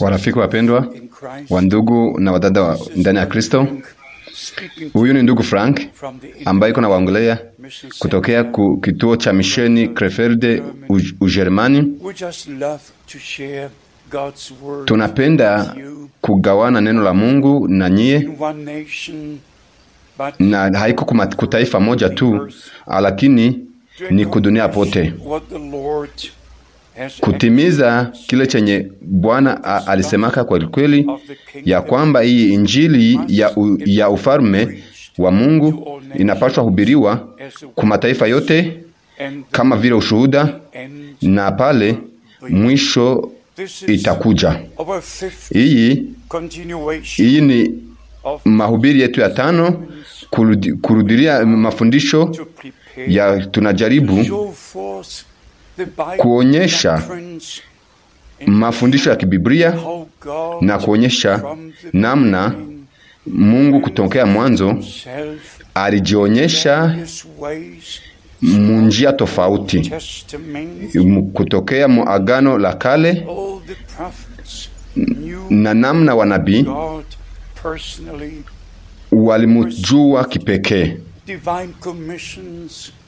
Warafiki wapendwa, wandugu na wadada wa ndani ya Kristo, huyu ni ndugu Frank ambaye iko na waongelea kutokea ku kituo cha misheni Krefelde, Ujerumani. Tunapenda kugawana neno la Mungu na nyie na haiko kutaifa moja tu, lakini ni kudunia pote kutimiza kile chenye Bwana alisemaka kwa kweli, ya kwamba hii injili ya, u, ya ufalme wa Mungu inapaswa hubiriwa kwa mataifa yote kama vile ushuhuda, na pale mwisho itakuja. Hii hii ni mahubiri yetu ya tano, kurudilia mafundisho ya tunajaribu kuonyesha mafundisho ya kibiblia na kuonyesha namna Mungu kutokea mwanzo alijionyesha munjia tofauti kutokea muagano la Kale na namna wanabii walimujua kipekee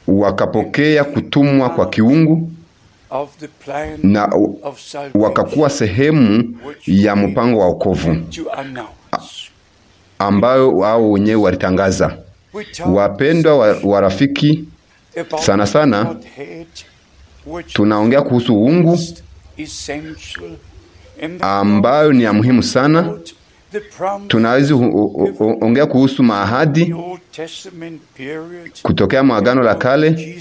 wakapokea kutumwa kwa kiungu na wakakuwa sehemu ya mpango wa wokovu ambayo wao wenyewe walitangaza. Wapendwa wa, warafiki, sana sana tunaongea kuhusu uungu ambayo ni ya muhimu sana. tunawezi ongea kuhusu maahadi kutokea mwagano la kale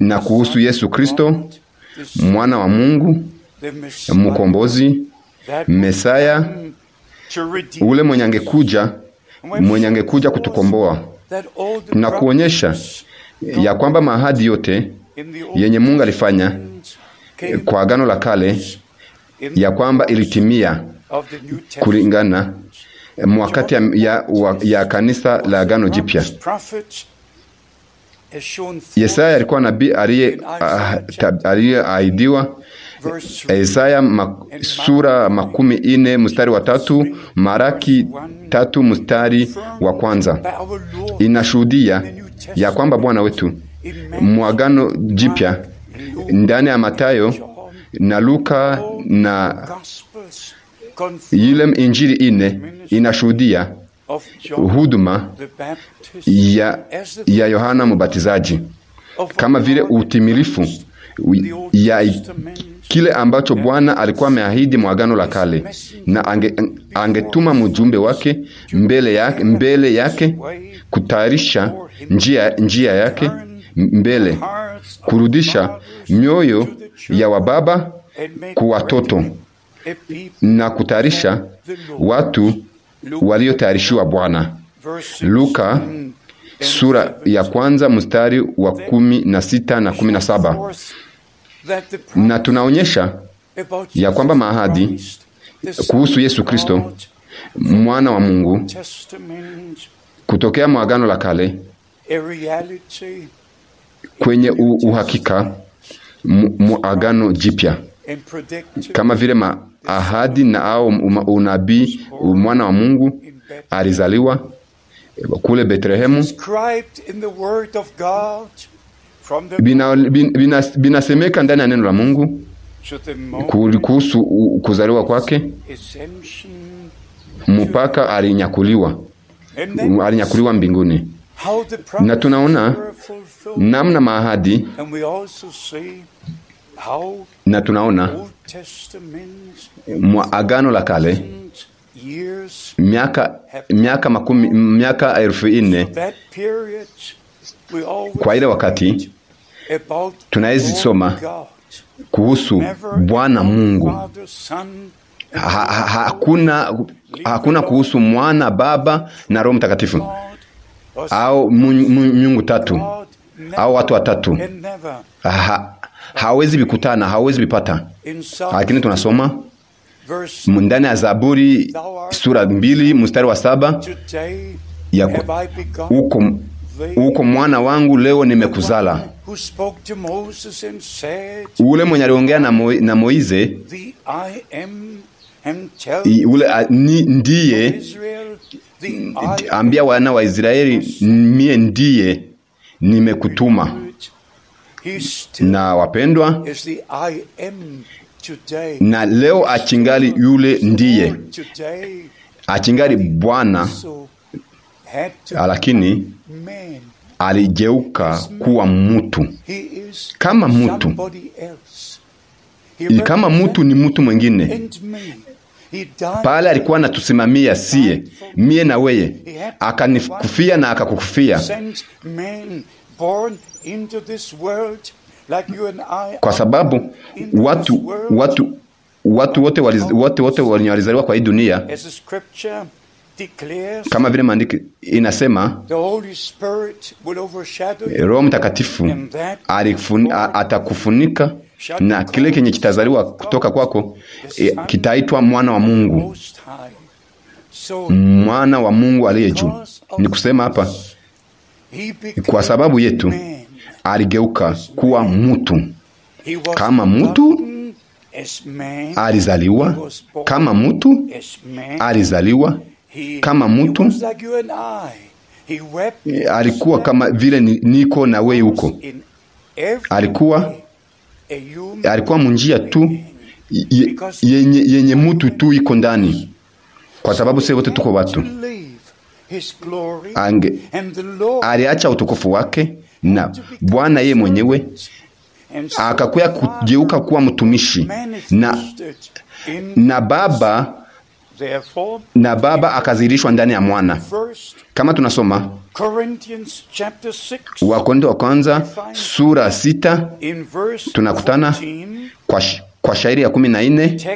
na kuhusu Yesu Kristo mwana wa Mungu, mkombozi, Mesaya, ule mwenye angekuja mwenye angekuja kutukomboa na kuonyesha ya kwamba mahadi yote yenye Mungu alifanya kwa Agano la Kale ya kwamba ilitimia kulingana mwakati ya, ya, ya kanisa la Agano Jipya. Yesaya alikuwa nabii ah, aliyeahidiwa. Yesaya sura makumi ine mstari wa tatu Maraki tatu mstari wa kwanza inashuhudia ya kwamba Bwana wetu mwagano jipya ndani ya Matayo na Luka na ile Injili ine inashuhudia huduma ya, ya Yohana Mubatizaji kama vile utimilifu ya kile ambacho Bwana alikuwa ameahidi mwagano la kale, na ange, angetuma mjumbe wake mbele yake, mbele yake kutayarisha njia, njia yake mbele kurudisha mioyo ya wababa kwa watoto na kutayarisha watu waliotayarishiwa Bwana. Luka sura ya kwanza mstari wa kumi na sita na kumi na saba na tunaonyesha ya kwamba maahadi kuhusu Yesu Kristo mwana wa Mungu kutokea mwagano la kale kwenye uhakika mwagano jipya kama vile maahadi na au unabii. Mwana wa Mungu alizaliwa eh, kule Betlehemu, binasemeka ndani ya neno la Mungu kuhusu kuzaliwa kwake. Mpaka alinyakuliwa, um, alinyakuliwa mbinguni, na tunaona namna maahadi na tunaona mwa Agano la Kale miaka miaka makumi miaka elfu nne kwa ile wakati tunaezi soma kuhusu Bwana Mungu. Hakuna ha, ha, hakuna kuhusu mwana Baba na Roho Mtakatifu au miungu tatu au watu watatu ha, hawezi vikutana, hawezi vipata, lakini tunasoma ndani ya Zaburi sura mbili mstari wa saba ya uko uko mwana wangu leo nimekuzala. Ule mwenye aliongea na, Mo, na Moize ule a, ni, ndiye ambia wana wa Israeli, mie ndiye nimekutuma na wapendwa, na leo achingali yule ndiye achingali Bwana, lakini alijeuka kuwa mutu kama mutu, kama mutu ni mutu mwengine pale alikuwa anatusimamia sie mie na weye, akanikufia na akakukufia kwa sababu watu watu watu wote wote wote walizaliwa kwa hii dunia kama vile maandiko inasema Roho Mtakatifu atakufunika na kile kenye kitazaliwa kutoka kwako e, kitaitwa mwana wa Mungu, mwana wa Mungu aliye juu. Ni kusema hapa kwa sababu yetu aligeuka kuwa mtu. Kama mtu alizaliwa, kama mtu alizaliwa, kama mtu alikuwa kama vile niko na wewe huko. Alikuwa alikuwa munjia tu yenye, yenye mutu tu iko ndani, kwa sababu sisi wote tuko watu ange aliacha utukufu wake na Bwana yeye mwenyewe akakuya kugeuka kuwa mtumishi na, na baba na baba akazirishwa ndani ya mwana, kama tunasoma Wakorintho wa kwanza sura sita tunakutana kwa, sh, kwa shairi ya kumi na nne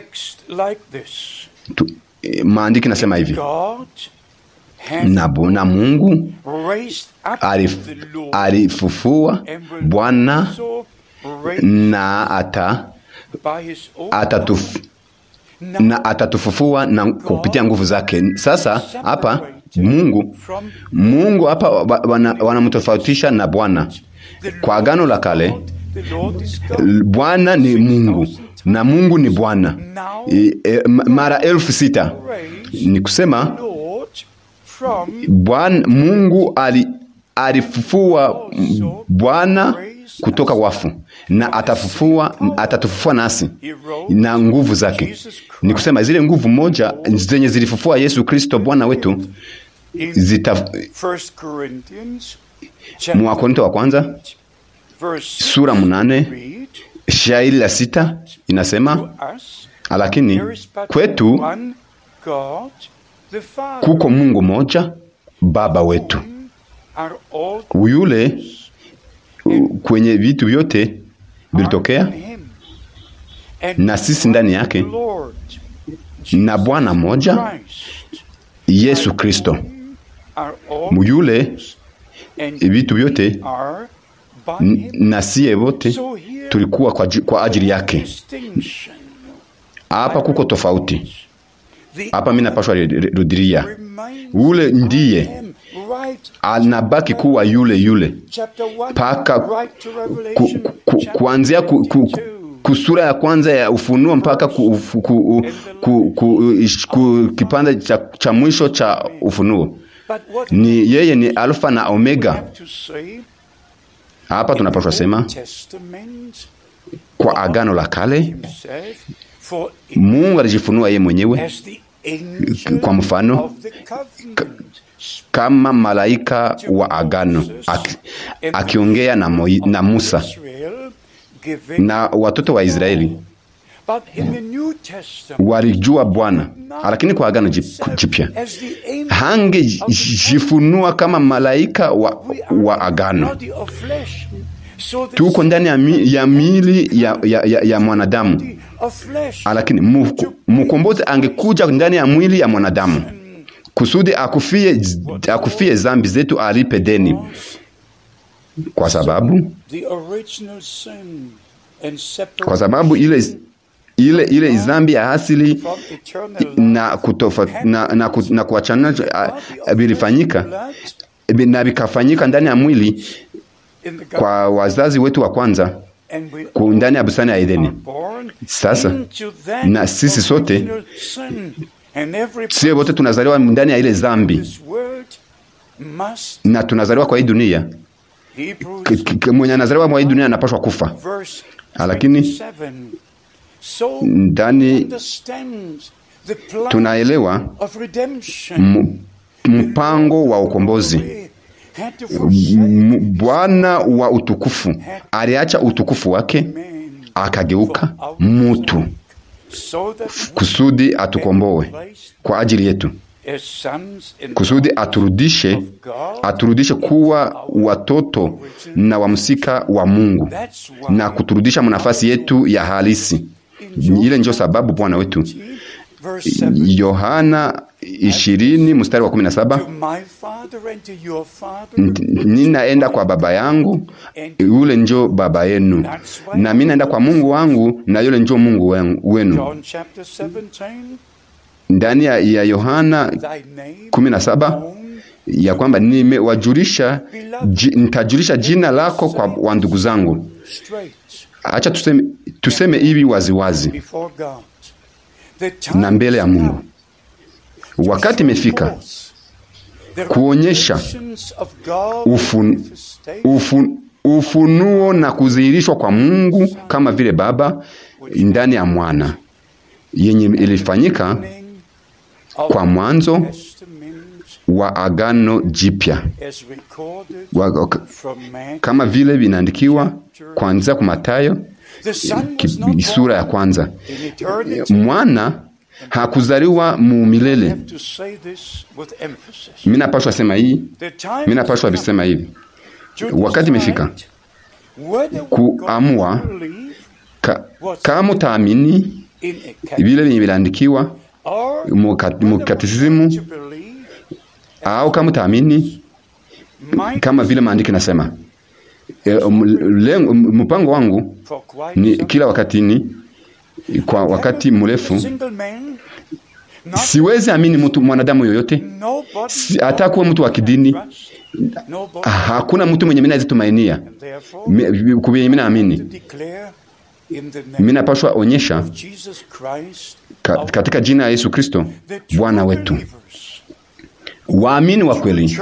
eh, maandiki nasema hivi God, na, na Mungu alifufua Bwana na ata atatuf, na atatufufua na kupitia nguvu zake. Sasa hapa Mungu Mungu hapa wanamtofautisha wana na Bwana kwa agano la kale. Bwana ni Mungu na Mungu ni Bwana e, e, mara elfu sita ni kusema Bwana Mungu ali, alifufua Bwana kutoka wafu na atafufua, atatufufua nasi na nguvu zake. Ni kusema zile nguvu moja zenye zilifufua Yesu Kristo Bwana wetu zita Korinto wa kwanza sura munane shairi la sita inasema, lakini kwetu kuko Mungu moja Baba wetu uyule kwenye vitu vyote vilitokea na sisi ndani yake, na Bwana moja Yesu Kristo muyule vitu vyote na siye vote tulikuwa kwa ajili yake. Hapa kuko tofauti hapa mi napashwa rudiria, ule ndiye anabaki kuwa yule yule mpaka ku, ku, ku, ku, ku, kusura ya kwanza ya Ufunuo mpaka ku, ku, ku, ku, ku, ku, kipande cha, cha mwisho cha Ufunuo. Ni yeye ni Alfa na Omega. Hapa tunapaswa sema kwa Agano la Kale Mungu alijifunua yeye mwenyewe kwa mfano kama malaika wa agano akiongea na, Moi, na Musa na watoto wa Israeli walijua Bwana, lakini kwa agano jipya jifunua kama malaika wa, wa agano. Tuko ndani ya miili ya, ya, ya, ya mwanadamu Ah, lakini mkombozi angekuja ndani ya mwili ya mwanadamu kusudi akufie, akufie zambi zetu, alipe deni, kwa sababu kwa sababu ile ile ile zambi ya asili na kutofa, na, na, na kuachana ah, vilifanyika na vikafanyika ndani ya mwili kwa wazazi wetu wa kwanza kwa undani ya bustani ya Edeni. Sasa na sisi sote sisi wote tunazaliwa ndani ya ile zambi na tunazaliwa kwa hii dunia. Mwenye anazaliwa kwa hii dunia anapashwa kufa, ah, lakini ndani tunaelewa mpango wa ukombozi Bwana wa utukufu aliacha utukufu wake akageuka mutu kusudi atukomboe kwa ajili yetu, kusudi aturudishe, aturudishe kuwa watoto na wamsika wa Mungu na kuturudisha mnafasi yetu ya halisi. Ile ndio sababu Bwana wetu Yohana ishirini mstari wa kumi na saba ninaenda kwa baba yangu yule njo baba yenu, na mi naenda kwa Mungu wangu na yule njo Mungu wenu. Ndani ya Yohana kumi na saba ya kwamba nimewajulisha, nitajulisha jina lako kwa wandugu zangu. Acha tuseme, tuseme hivi waziwazi na mbele ya Mungu Wakati imefika kuonyesha ufun, ufun, ufunuo na kudhihirishwa kwa Mungu kama vile Baba ndani ya mwana yenye ilifanyika kwa mwanzo wa Agano Jipya kama vile vinaandikiwa kwanza kwa Mathayo eh, sura ya kwanza mwana hakuzaliwa mu milele. Minapashwa sema hii, minapashwa visema hivi, wakati imefika kuamua ka, kama taamini vile vyenye vilandikiwa mukatisimu au kama taamini kama vile maandiki nasema, e, eh, mpango wangu ni kila wakati ni kwa wakati mrefu. Siwezi amini mtu mwanadamu yoyote, hata kuwa mtu wa kidini. Hakuna mtu mwenye mina tumainia kubenye mina amini. Minapashwa onyesha katika jina ya Yesu Kristo Bwana wetu waamini wa kweli.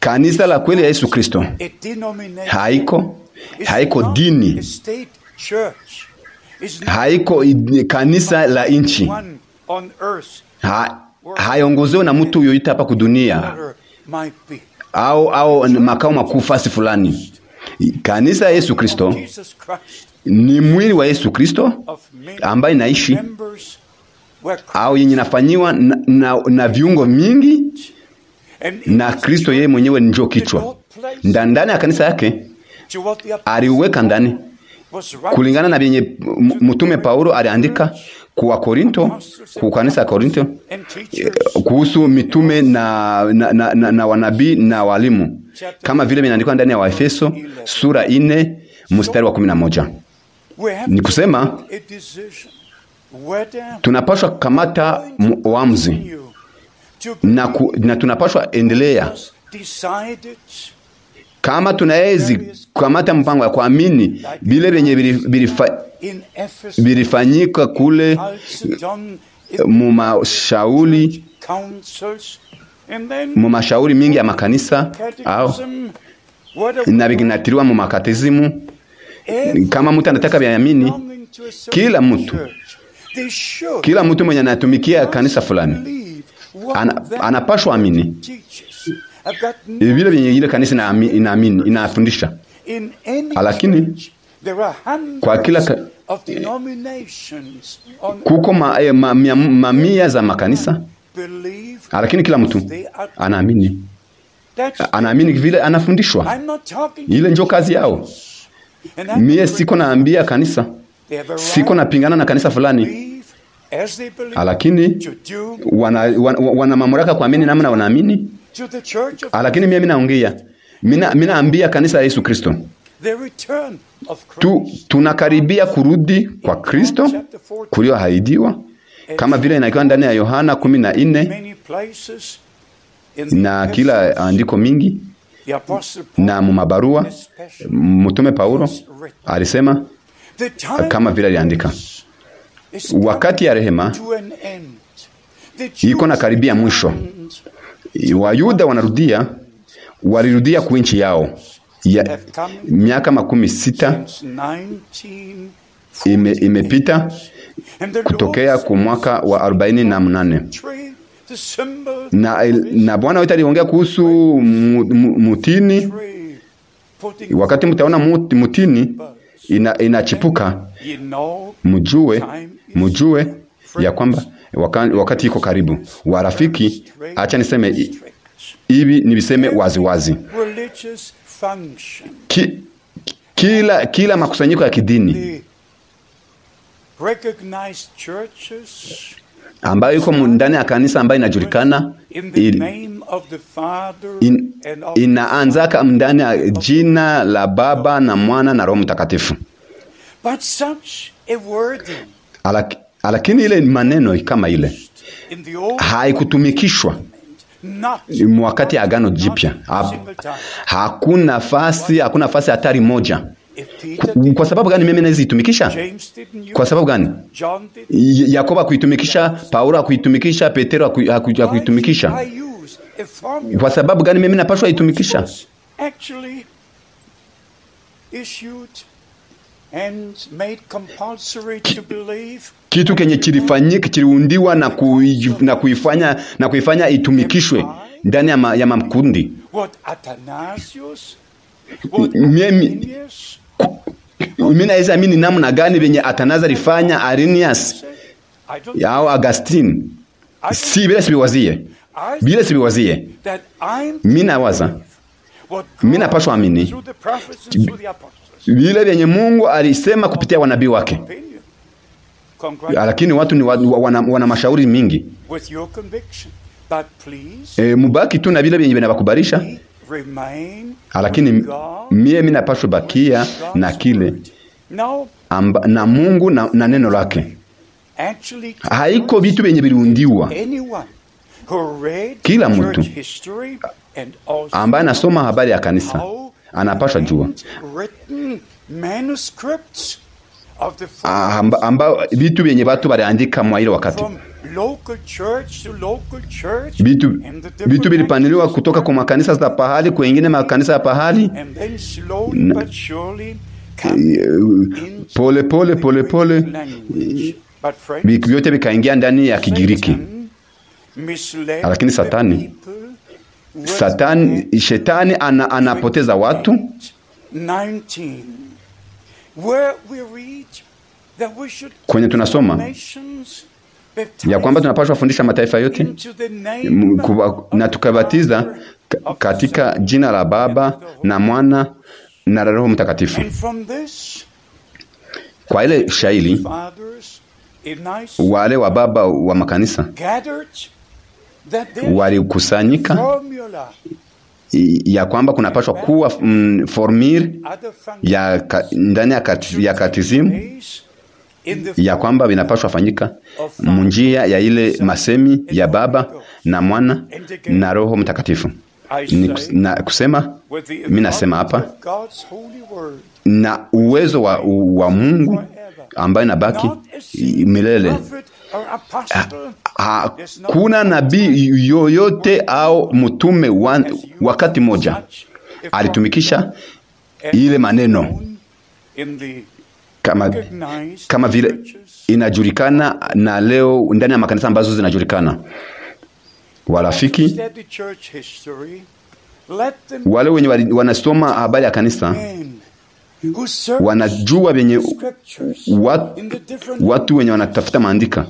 Kanisa la kweli ya Yesu Kristo haiko haiko dini haiko kanisa la nchi ha, haiongozewe na mtu yoyote hapa kudunia au au makao makuu fasi fulani. Kanisa ya Yesu Kristo ni mwili wa Yesu Kristo ambaye inaishi au yenye nafanyiwa na, na, na viungo mingi na Kristo yeye mwenyewe ndio kichwa. Ndani ya kanisa yake aliweka ndani kulingana na vyenye mtume Paulo aliandika kwa Korinto, kwa kanisa ya Korinto kuhusu mitume na, na, na, na, na wanabii na walimu, kama vile vinaandikwa ndani ya Waefeso sura ine mstari wa kumi na moja. Ni kusema tunapashwa kamata uamuzi na, na tunapashwa endelea kama tunaezi kukamata mpango ya kuamini bile vyenye vilifanyika kule mumashauli mashauri mingi ya makanisa au na vinatiriwa Kama mtu anataka vyamini, kila mtu kila mtu mwenye anatumikia kanisa fulani ana, anapashwa amini Eh, vile vingine kanisa inaamini ina inafundisha, lakini kwa kila ka... kuko ma, eh, ma, ma, mamia za makanisa, lakini kila mtu anaamini anaamini vile anafundishwa. Ile ndio kazi yao. Mie siko naambia kanisa, siko napingana na kanisa fulani, lakini wana, wana, wana mamlaka kuamini namna wanaamini Ah, lakini mimi naongea mimi minaambia kanisa la Yesu Kristo tu, tunakaribia kurudi kwa Kristo kulio haidiwa kama vile inakiwa ndani ya Yohana kumi na nne na kila andiko mingi na mumabarua mutume Paulo alisema kama vile aliandika, wakati ya rehema iko na karibia mwisho Wayuda wanarudia walirudia kuinchi yao ya, miaka makumi sita ime, imepita kutokea ku mwaka wa arobaini na mnane na, na Bwana wetu aliongea kuhusu mutini. Wakati mutaona mutini ina, inachipuka, mujue ya kwamba wakati, wakati iko karibu. Warafiki, acha niseme hivi, niviseme waziwazi ki, kila, kila makusanyiko ya kidini ambayo iko ndani ya kanisa ambayo inajulikana in, inaanzaka ndani ya jina la Baba na Mwana na Roho Mtakatifu. Ah, lakini ile maneno kama ile haikutumikishwa wakati ya agano jipya. Ah, hakuna fasi, hakuna fasi hatari moja. Kwa sababu gani mimi naweza itumikisha? Kwa sababu gani? Yakobo akuitumikisha, Paulo akuitumikisha, Petero akuitumikisha. Kwa sababu gani mimi napashwa itumikisha? kitu kenye kilifanyika kiliundiwa na, kui, na, kuifanya, na kuifanya itumikishwe ndani ya, ma, ya makundi mimi naweza mimi namna gani venye atanaza lifanya Arinias au Augustine, si bila sibiwazie, bila sibiwazie. Mimi nawaza mimi napaswa amini vile vyenye Mungu alisema kupitia wanabii wake, lakini watu ni wana, wana, wana mashauri mingi. E, mubaki tu na vile vyenye vinavakubalisha, ah, lakini mie minapashwa bakia na kile amba, na Mungu na, na neno lake. Haiko vitu vyenye viliundiwa Kila mtu ambaye anasoma habari ya kanisa anapasha jua ah, ambao vitu vyenye watu waliandika mwa ile wakati vitu vilipaniliwa kutoka kwa makanisa za pahali kwengine makanisa ya pahali eh, eh, pole pole pole pole vyote vikaingia ndani ya Kigiriki, lakini Satani Satani, shetani ana, anapoteza watu kwenye tunasoma ya kwamba tunapaswa kufundisha mataifa yote na tukabatiza katika jina la Baba na Mwana na Roho Mtakatifu. Kwa ile shahili wale wa baba wa makanisa walikusanyika ya kwamba kunapashwa kuwa mm, formir ya ndani ya katizimu ya kwamba vinapashwa fanyika munjia ya ile masemi ya Baba na Mwana na Roho Mtakatifu. Ni na kusema mi nasema hapa na uwezo wa, wa Mungu ambayo nabaki milele. Hakuna nabii yoyote au mtume wa, wakati moja alitumikisha ile maneno kama, kama vile inajulikana na leo ndani ya makanisa ambazo zinajulikana. Warafiki wale wenye wanasoma habari ya kanisa wanajua venye watu wenye wanatafuta maandika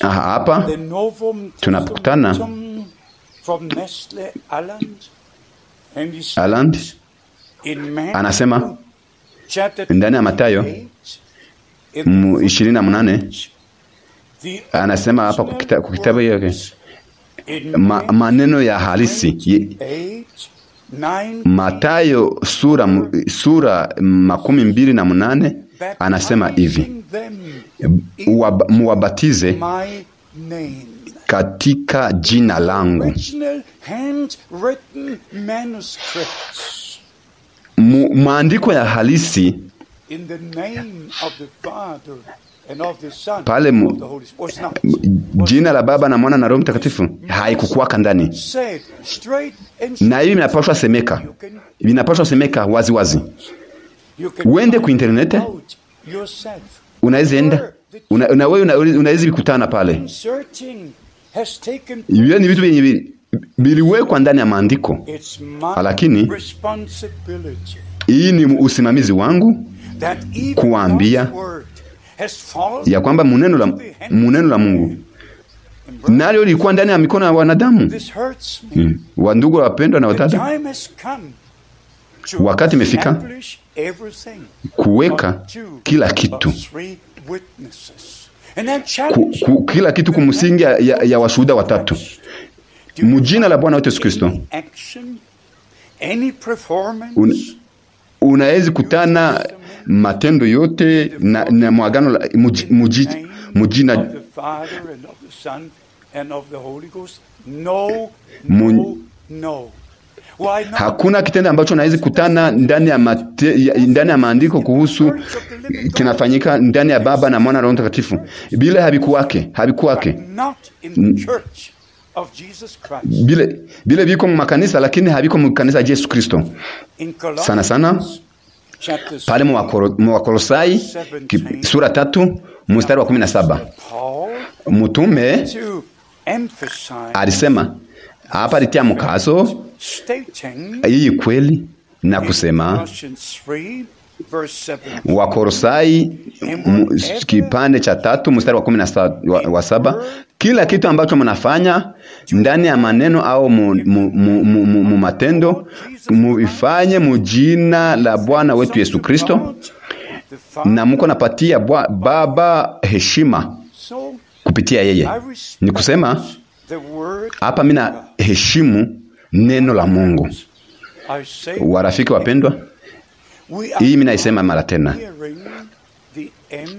hapa tunakutana Aland anasema ndani ya Matayo ishirini na munane anasema hapa kukitabu yake maneno ya halisi Matayo sura, sura makumi mbili na munane anasema hivi, muwabatize katika jina langu maandiko ya halisi pale m... jina la Baba na Mwana na Roho Mtakatifu haikukuwaka ndani, na hivi vinapashwa semeka, vinapashwa semeka wazi wazi. Uende ku internet unaweza enda una, una wewe unaweza una kukutana pale, hiyo ni vitu vyenye viliwekwa ndani ya maandiko, lakini hii ni usimamizi wangu kuambia ya kwamba muneno la, muneno la Mungu nalo lilikuwa ndani ya mikono ya wanadamu. Mm. Wandugu wapendwa na wadada, wakati imefika kuweka kila kitu ku, ku, kila kitu kumsingi ya, ya washuhuda watatu mujina la Bwana wetu Yesu Kristo. Unaezi kutana matendo yote na, na mwagano mujina Hakuna kitendo ambacho naizi kutana ndani ya, mate, ya, ndani ya maandiko kuhusu kinafanyika ndani ya Baba na Mwana Roho Mtakatifu bila habikuwake habikuwake mm. bile biko mu makanisa lakini habiko mu kanisa Yesu Kristo sana sana pale mu Wakolosai sura tatu mstari wa kumi na saba mtume alisema hapa, litia mkazo hii kweli na kusema Wakolosai kipande cha tatu mstari wa kumi na saba kila kitu ambacho mnafanya ndani ya maneno au mu, mu, mu, mu, mu, mu matendo muifanye mujina la Bwana wetu Yesu Kristo, na muko napatia Baba heshima kupitia yeye. Ni kusema hapa mimi na heshimu neno la Mungu. Warafiki wapendwa, hii mimi naisema mara tena,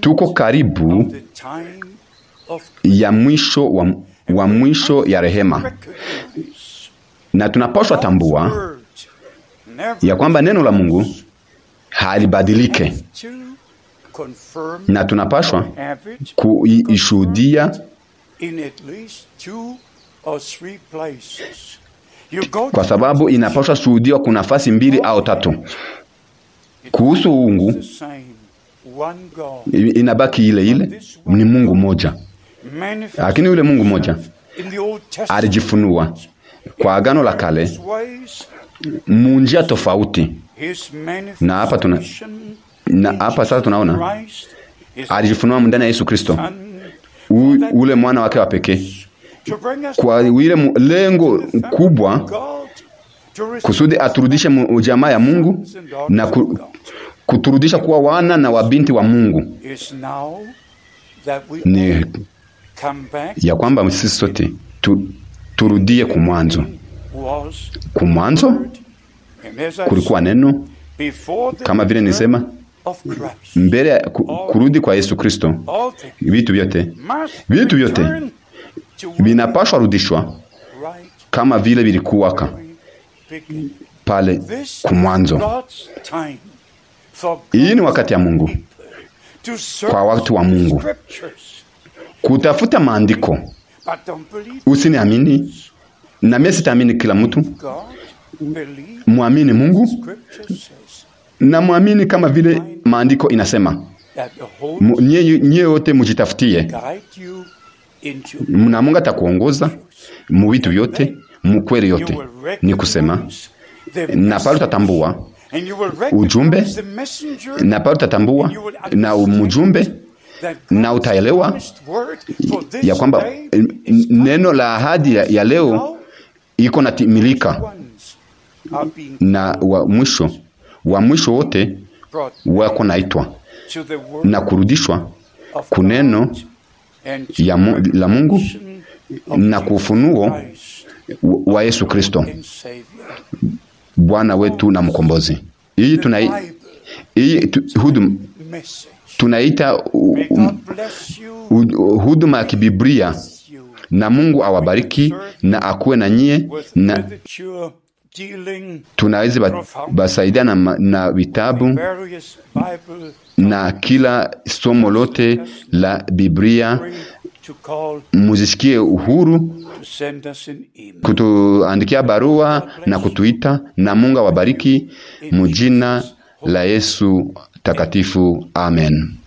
tuko karibu ya mwisho wa, wa mwisho ya rehema, na tunapaswa tambua ya kwamba neno la Mungu halibadilike na tunapaswa kuishuhudia kwa sababu inapashwa shuhudiwa kuna nafasi mbili au tatu. Kuhusu uungu inabaki ile ile, ni Mungu moja. Lakini yule Mungu mmoja alijifunua kwa Agano la Kale munjia tofauti, na hapa tuna na hapa sasa tunaona alijifunua ndani ya Yesu Kristo, ule mwana wake wa pekee, kwa ile lengo kubwa kusudi aturudishe ujamaa ya Mungu na ku, kuturudisha kuwa wana na wabinti wa Mungu ni ya kwamba sisi sote tu, turudie ku mwanzo. Ku mwanzo kulikuwa neno, kama vile nisema mbele ya kurudi kwa Yesu Kristo, vitu vyote vitu vyote vinapashwa rudishwa kama vile vilikuwaka pale kumwanzo. Hii ni wakati ya Mungu kwa watu wa Mungu kutafuta maandiko. Usiniamini na mimi sitaamini kila mtu. Muamini Mungu na muamini kama vile maandiko inasema. Nyie yote mujitafutie, na Mungu atakuongoza muvitu yote mukweli yote. Ni kusema na pale utatambua ujumbe, na pale utatambua na mujumbe na utaelewa ya kwamba neno la ahadi ya leo iko na timilika na wa mwisho wa mwisho wote wako naitwa na kurudishwa kuneno ya mu, la Mungu na kufunuo wa Yesu Kristo Bwana wetu na mkombozi. Hii tuna hii huduma tunaita um, huduma ya kibiblia. Na Mungu awabariki na akuwe na nyie, na tunaweza basaidia na, na vitabu na kila somo lote la Biblia muzisikie uhuru kutuandikia barua na kutuita, na Mungu awabariki mujina la Yesu takatifu. Amen.